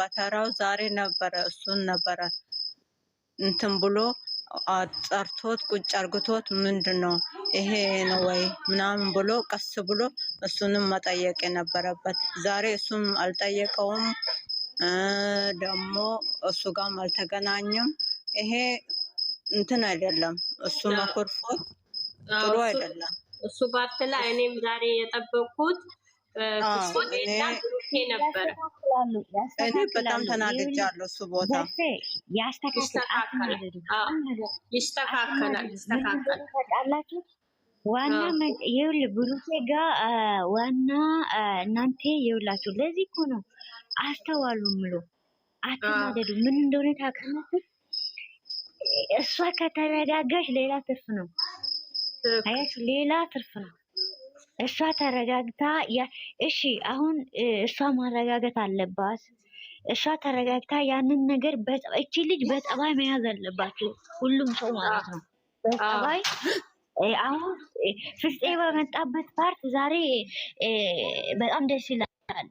በተራው ዛሬ ነበረ እሱን ነበረ እንትን ብሎ ጠርቶት ቁጭ አርግቶት ምንድን ነው ይሄ ነው ወይ ምናምን ብሎ ቀስ ብሎ እሱንም መጠየቅ የነበረበት ዛሬ እሱም አልጠየቀውም። ደግሞ እሱ ጋም አልተገናኘም። ይሄ እንትን አይደለም፣ እሱ መኮርፎት ጥሩ አይደለም። እሱ ባትላ እኔም ዛሬ የጠበቅኩት ነበረ። እኔ በጣም ተናግጃለሁ። እሱ ቦታ ይስተካከላል፣ ይስተካከላል። ዋና ይኸውልህ ብሩኬ ጋ ዋና እናንተ ይኸውላችሁ፣ ለዚህ እኮ ነው አስተዋሉ ምሎ አትናደዱ። ምን እንደሆነ እሷ ከተረጋጋሽ ሌላ ትርፍ ነው፣ አያችሁ፣ ሌላ ትርፍ ነው። እሷ ተረጋግታ እሺ፣ አሁን እሷ ማረጋገጥ አለባት። እሷ ተረጋግታ ያንን ነገር እቺ ልጅ በጸባይ መያዝ አለባቸው፣ ሁሉም ሰው ማለት ነው በጸባይ አሁን ፍስጤ በመጣበት ፓርት ዛሬ በጣም ደስ ይላል።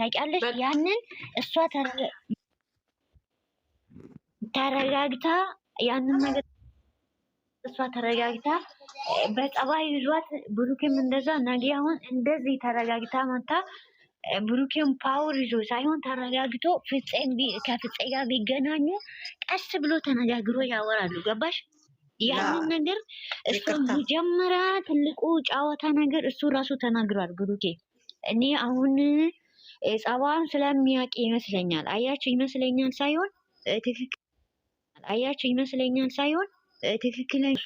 ታውቂያለሽ፣ ያንን እሷ ተረጋግታ ያንን ነገር እሷ ተረጋግታ በጸባይ ይዟት ብሩኬም እንደዛ ነገ አሁን እንደዚህ ተረጋግታ መታ ብሩኬም ፓወር ይዞ ሳይሆን ተረጋግቶ ከፍፄ ጋር ቢገናኙ ቀስ ብሎ ተነጋግሮ ያወራሉ። ገባሽ? ያንን ነገር እሱ መጀመሪያ ትልቁ ጨዋታ ነገር እሱ ራሱ ተናግሯል። ብሩኬ እኔ አሁን ጸባዋን ስለሚያውቅ ይመስለኛል አያቸው ይመስለኛል ሳይሆን ትክክል አያቸው ይመስለኛል ሳይሆን ትክክለኛ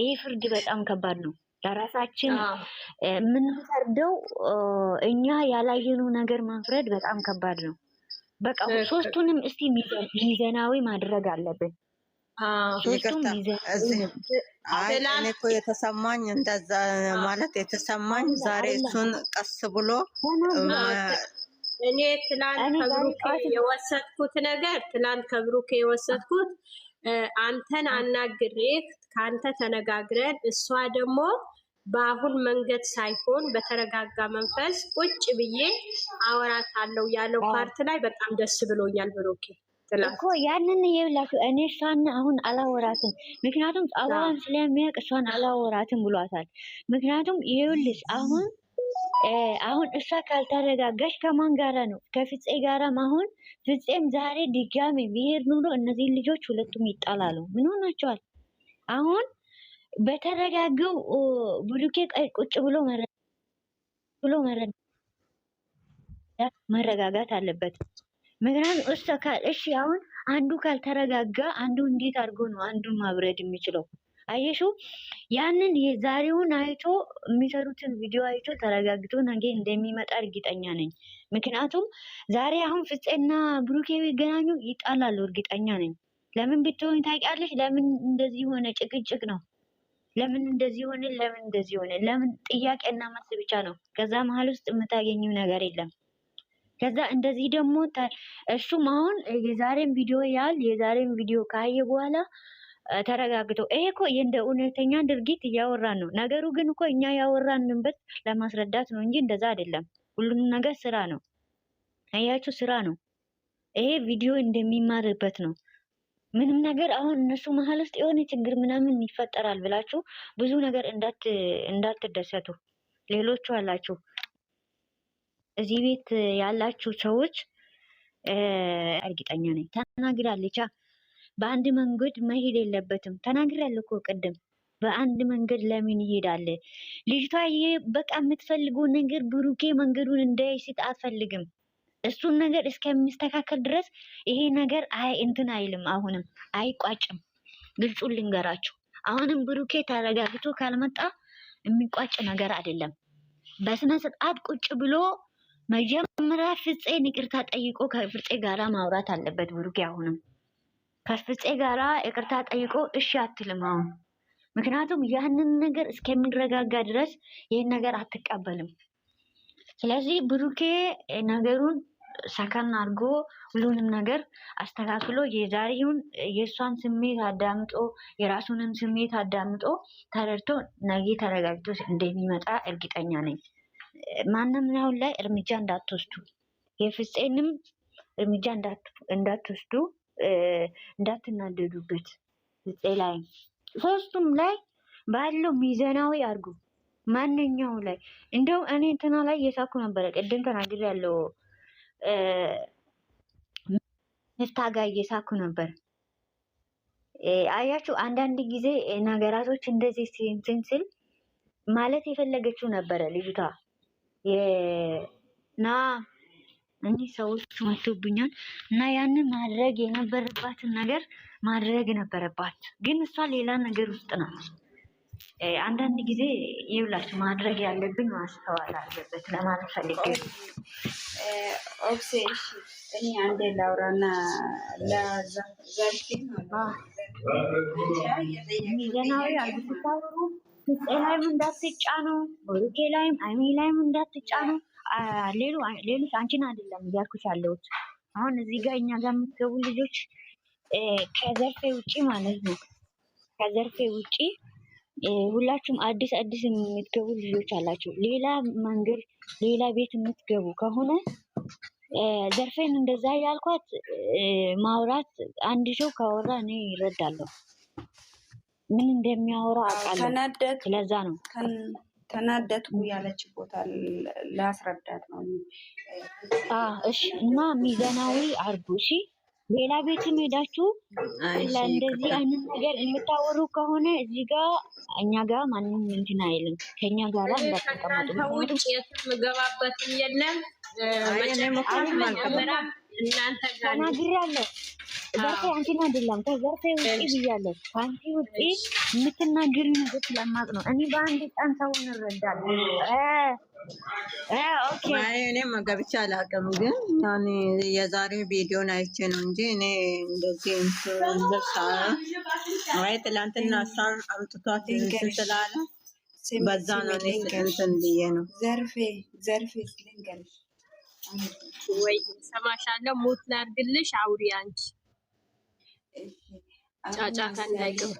ይህ ፍርድ በጣም ከባድ ነው። ለራሳችን የምንፈርደው እኛ ያላየነው ነገር መፍረድ በጣም ከባድ ነው። በቃ ሶስቱንም እስቲ ሚዘናዊ ማድረግ አለብን። እኔ እኮ የተሰማኝ እንደዛ ማለት የተሰማኝ ዛሬ እሱን ቀስ ብሎ እኔ ትላንት ከብሩኬ የወሰድኩት ነገር ትላንት ከብሩኬ የወሰድኩት አንተን አናግሬ ከአንተ ተነጋግረን እሷ ደግሞ በአሁን መንገድ ሳይሆን በተረጋጋ መንፈስ ቁጭ ብዬ አወራት አለው ያለው ፓርት ላይ በጣም ደስ ብሎኛል። ብሮኬ እኮ ያንን የብላችሁ እኔ እሷን አሁን አላወራትም፣ ምክንያቱም ጸባዋን ስለሚያውቅ እሷን አላወራትም ብሏታል። ምክንያቱም ይኸውልሽ አሁን አሁን እሷ ካልተረጋጋሽ ከማን ጋራ ነው? ከፍፄ ጋራም አሁን ፍፄም ዛሬ ድጋሚ ብሄር ኑሮ እነዚህን ልጆች ሁለቱም ይጣላሉ። ምን ሆናቸዋል? አሁን በተረጋገው ብሉኬ ቁጭ ብሎ ብሎ መረጋጋት አለበት። ምክንያቱ እሷ ካል እሺ አሁን አንዱ ካልተረጋጋ አንዱ እንዴት አድርጎ ነው አንዱን ማብረድ የሚችለው? አየሹ ያንን የዛሬውን አይቶ የሚሰሩትን ቪዲዮ አይቶ ተረጋግቶ ነገ እንደሚመጣ እርግጠኛ ነኝ። ምክንያቱም ዛሬ አሁን ፍፄና ብሩኬ ይገናኙ ይጣላሉ፣ እርግጠኛ ነኝ። ለምን ብትሆን ታውቂያለሽ? ለምን እንደዚህ ሆነ? ጭቅጭቅ ነው። ለምን እንደዚህ ሆነ? ለምን እንደዚህ ሆነ? ለምን ጥያቄ እና መልስ ብቻ ነው። ከዛ መሀል ውስጥ የምታገኘው ነገር የለም። ከዛ እንደዚህ ደግሞ እሱም አሁን የዛሬን ቪዲዮ ያህል የዛሬን ቪዲዮ ካየ በኋላ ተረጋግቶ ይሄ እኮ እንደ እውነተኛ ድርጊት እያወራን ነው። ነገሩ ግን እኮ እኛ ያወራንበት ለማስረዳት ነው እንጂ እንደዛ አይደለም። ሁሉም ነገር ስራ ነው። አያችሁ፣ ስራ ነው። ይሄ ቪዲዮ እንደሚማርበት ነው። ምንም ነገር አሁን እነሱ መሀል ውስጥ የሆነ ችግር ምናምን ይፈጠራል ብላችሁ ብዙ ነገር እንዳትደሰቱ። ሌሎቹ አላችሁ እዚህ ቤት ያላችሁ ሰዎች እርግጠኛ ነኝ ተናግራለች። በአንድ መንገድ መሄድ የለበትም። ተናግሬያለሁ እኮ ቅድም በአንድ መንገድ ለምን ይሄዳል? ልጅቷ ይሄ በቃ የምትፈልገው ነገር ብሩኬ መንገዱን ሲት አትፈልግም። እሱን ነገር እስከሚስተካከል ድረስ ይሄ ነገር አይ እንትን አይልም፣ አሁንም አይቋጭም። ግልጹን ልንገራችሁ፣ አሁንም ብሩኬ ተረጋግቶ ካልመጣ የሚቋጭ ነገር አይደለም። በስነ ስርዓት ቁጭ ብሎ መጀመሪያ ፍፄን ይቅርታ ጠይቆ ከፍፄ ጋራ ማውራት አለበት ብሩኬ አሁንም ከአስፍፄ ጋራ ይቅርታ ጠይቆ እሺ አትልም። አሁን ምክንያቱም ያንን ነገር እስከሚረጋጋ ድረስ ይህን ነገር አትቀበልም። ስለዚህ ብሩኬ ነገሩን ሰከን አድርጎ ሁሉንም ነገር አስተካክሎ የዛሬውን የእሷን ስሜት አዳምጦ የራሱንም ስሜት አዳምጦ ተረድቶ ነገ ተረጋግቶ እንደሚመጣ እርግጠኛ ነኝ። ማንም አሁን ላይ እርምጃ እንዳትወስዱ፣ የፍፄንም እርምጃ እንዳትወስዱ። እንዳትናደዱበት። ዘጠኝ ላይ ሶስቱም ላይ ባለው ሚዛናዊ አድርጉ። ማንኛው ላይ እንደው እኔ እንትና ላይ እየሳኩ ነበረ። ቅድም ተናግሬ ያለው መፍታ ጋር እየሳኩ ነበር። አያችሁ አንዳንድ ጊዜ ነገራቶች እንደዚህ እንትን ስል ማለት የፈለገችው ነበረ ልጅቷ ና እኒህ ሰዎች መቶብኛል እና ያንን ማድረግ የነበረባትን ነገር ማድረግ ነበረባት። ግን እሷ ሌላ ነገር ውስጥ ናት። አንዳንድ ጊዜ ይብላችሁ ማድረግ ያለብኝ ማስተዋል አለበት ለማለት ፈልጌ ኦብሴ እኔ አንዴ ላውራና ለዛልፊ ሚዘናዊ አልብስታሩ ፍፄ ላይም እንዳትጫኑ ቦሩኬ ላይም አይሜ ላይም እንዳትጫኑ ሌሎች አንቺን አይደለም እያልኩሽ ያለሁት አሁን እዚህ ጋር እኛ ጋር የምትገቡ ልጆች ከዘርፌ ውጪ ማለት ነው። ከዘርፌ ውጪ ሁላችሁም አዲስ አዲስ የምትገቡ ልጆች አላችሁ። ሌላ መንገድ ሌላ ቤት የምትገቡ ከሆነ ዘርፌን እንደዛ ያልኳት ማውራት አንድ ሰው ካወራ እኔ ይረዳለሁ ምን እንደሚያወራ አውቃለሁ። ስለዛ ነው ተናደድኩ ያለች ቦታ ላስረዳት ነው። እሺ እና ሚዛናዊ አርጉ። እሺ ሌላ ቤትም ሄዳችሁ ለእንደዚህ አይነት ነገር የምታወሩ ከሆነ እዚህ ጋ እኛ ጋር ማንም እንትን አይልም። ከእኛ ጋራ እንዳትቀመጡ። ውጭ የትም ገባበትም የለም እናንተ ጋር ተናግሬያለሁ። ዘርፌ አንቺን አይደለም ከዘርፌ ውጪ ብያለሁ። ከአንቺ ውጪ የምትናገሪ ነገር ስለማቅ ነው። እኔ በአንድ ቀን ሰው እንረዳለሁ። እኔ መገብቻ አላውቅም፣ ግን የዛሬ ቪዲዮን አይቼ ነው እንጂ እኔ እንደዚህ ወይ ትላንትና ሳር አምጥቷት ስላለ በዛ ነው እንትን ብዬ ነው ዘርፌ ዘርፌ ልንገርሽ ወይ ሰማሻለሁ። ሙት ላድርግልሽ፣ አውሪ አንቺ ጫጫታ እንዳይገባ።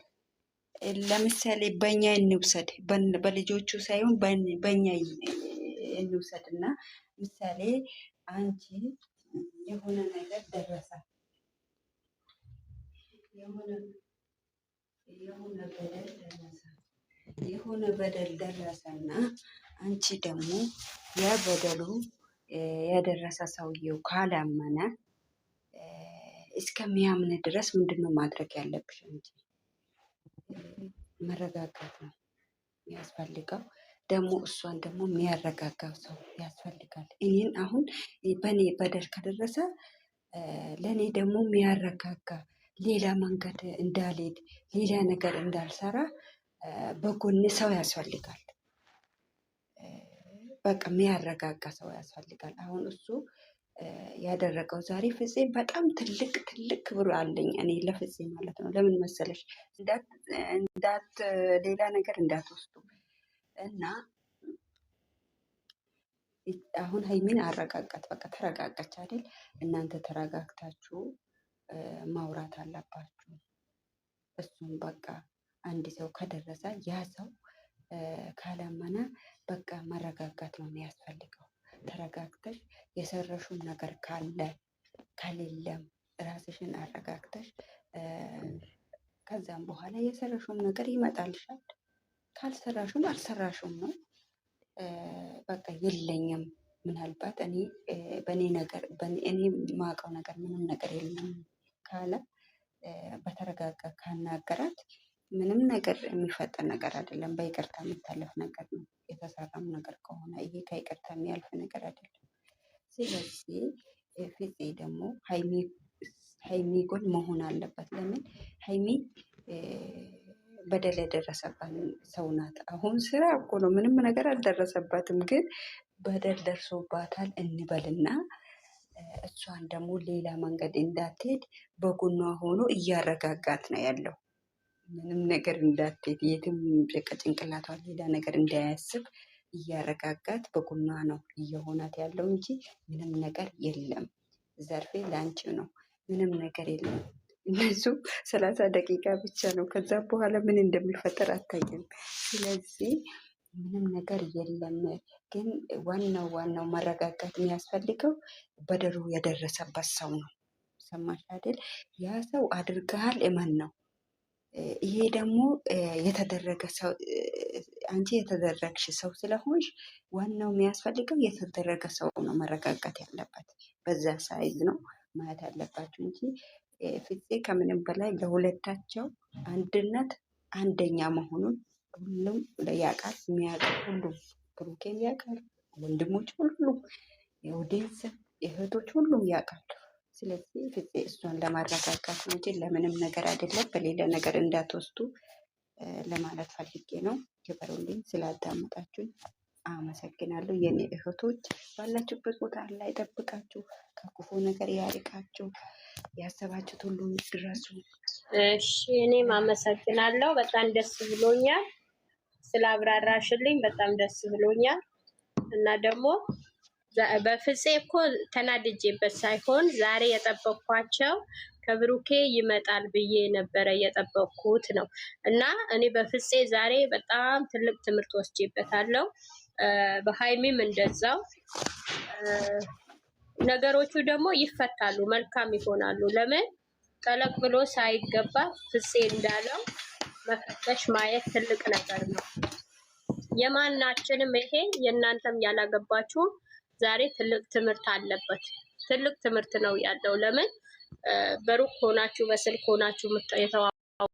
ለምሳሌ በእኛ እንውሰድ፣ በልጆቹ ሳይሆን በእኛ እንውሰድ እና ምሳሌ አንቺ የሆነ ነገር ደረሰ የሆነ በደል ደረሰ የሆነ በደል ደረሰና አንቺ ደግሞ ያ በደሉ ያደረሰ ሰውየው ካላመነ እስከሚያምን ድረስ ምንድን ነው ማድረግ ያለብሽ? እንጂ መረጋጋት ነው የሚያስፈልገው። ደግሞ እሷን ደግሞ የሚያረጋጋው ሰው ያስፈልጋል። እኔን አሁን በእኔ በደር ከደረሰ ለእኔ ደግሞ የሚያረጋጋ ሌላ መንገድ እንዳልሄድ ሌላ ነገር እንዳልሰራ በጎን ሰው ያስፈልጋል። በቃ የሚያረጋጋ ሰው ያስፈልጋል። አሁን እሱ ያደረገው ዛሬ ፍፄ በጣም ትልቅ ትልቅ ክብር አለኝ እኔ ለፍፄ ማለት ነው። ለምን መሰለሽ እንዳት ሌላ ነገር እንዳትወስዱ እና አሁን ሀይሚን አረጋጋት። በቃ ተረጋጋች አይደል? እናንተ ተረጋግታችሁ ማውራት አለባችሁ። እሱም በቃ አንድ ሰው ከደረሰ ያ ሰው ካላመነ በቃ መረጋጋት ነው የሚያስፈልገው። ተረጋግተሽ የሰረሹም ነገር ካለ ከሌለም ራስሽን አረጋግተሽ ከዛም በኋላ የሰረሹም ነገር ይመጣልሻል። ካልሰራሹም አልሰራሹም ነው በቃ የለኝም። ምናልባት እኔ በእኔ ነገር እኔ የማውቀው ነገር ምንም ነገር የለም ካለ በተረጋጋ ካናገራት ምንም ነገር የሚፈጠር ነገር አይደለም። በይቅርታ የሚታለፍ ነገር ነው። የተሰራም ነገር ከሆነ ይሄ ከይቅርታ የሚያልፍ ነገር አይደለም። ስለዚህ ፍፄ ደግሞ ሀይሚ ጎን መሆን አለበት። ለምን ሀይሚ በደል የደረሰባት ሰው ናት። አሁን ስራ እኮ ነው፣ ምንም ነገር አልደረሰባትም። ግን በደል ደርሶባታል እንበልና እሷን ደግሞ ሌላ መንገድ እንዳትሄድ በጎኗ ሆኖ እያረጋጋት ነው ያለው። ምንም ነገር እንዳትሄድ የትም ጭንቅላቷ ሌላ ነገር እንዳያስብ እያረጋጋት በጎኗ ነው እየሆናት ያለው እንጂ ምንም ነገር የለም። ዘርፌ ላንቺ ነው፣ ምንም ነገር የለም። እነሱ ሰላሳ ደቂቃ ብቻ ነው። ከዛ በኋላ ምን እንደሚፈጠር አታይም። ስለዚህ ምንም ነገር የለም። ግን ዋናው ዋናው መረጋጋት የሚያስፈልገው በደሩ የደረሰበት ሰው ነው። ሰማሽ አይደል? ያ ሰው አድርገሃል እመን ነው ይሄ ደግሞ የተደረገ ሰው አንቺ የተደረግሽ ሰው ስለሆንሽ ዋናው የሚያስፈልገው የተደረገ ሰው ነው መረጋጋት ያለበት። በዛ ሳይዝ ነው ማየት ያለባቸው እንጂ ፍፄ ከምንም በላይ ለሁለታቸው አንድነት አንደኛ መሆኑን ሁሉም ያውቃል። የሚያውቅ ሁሉ ብሩኬን ያውቃል፣ ወንድሞች ሁሉም፣ የኦዲየንስ እህቶች ሁሉም ያውቃሉ። ስለዚህ ጊዜ እሷን ለማረጋጋት ነው እንጂ ለምንም ነገር አይደለም። በሌላ ነገር እንዳትወስዱ ለማለት ፈልጌ ነው። ክበሩልኝ። ስላዳመጣችሁኝ አመሰግናለሁ። የኔ እህቶች ባላችሁበት ቦታ ላይ ጠብቃችሁ ከክፉ ነገር ያርቃችሁ። ያሰባችሁት ሁሉ ድረሱ። እሺ፣ እኔም አመሰግናለሁ። በጣም ደስ ብሎኛል ስላብራራሽልኝ፣ በጣም ደስ ብሎኛል እና ደግሞ በፍፄ እኮ ተናድጄበት ሳይሆን ዛሬ የጠበቅኳቸው ከብሩኬ ይመጣል ብዬ ነበረ የጠበቅኩት ነው። እና እኔ በፍፄ ዛሬ በጣም ትልቅ ትምህርት ወስጄበታለሁ። በሀይሚም እንደዛው ነገሮቹ ደግሞ ይፈታሉ፣ መልካም ይሆናሉ። ለምን ጠለቅ ብሎ ሳይገባ ፍፄ እንዳለው መፈተሽ ማየት ትልቅ ነገር ነው። የማናችንም ይሄ የእናንተም ያላገባችሁም ዛሬ ትልቅ ትምህርት አለበት። ትልቅ ትምህርት ነው ያለው። ለምን በሩቅ ሆናችሁ በስልክ ሆናችሁ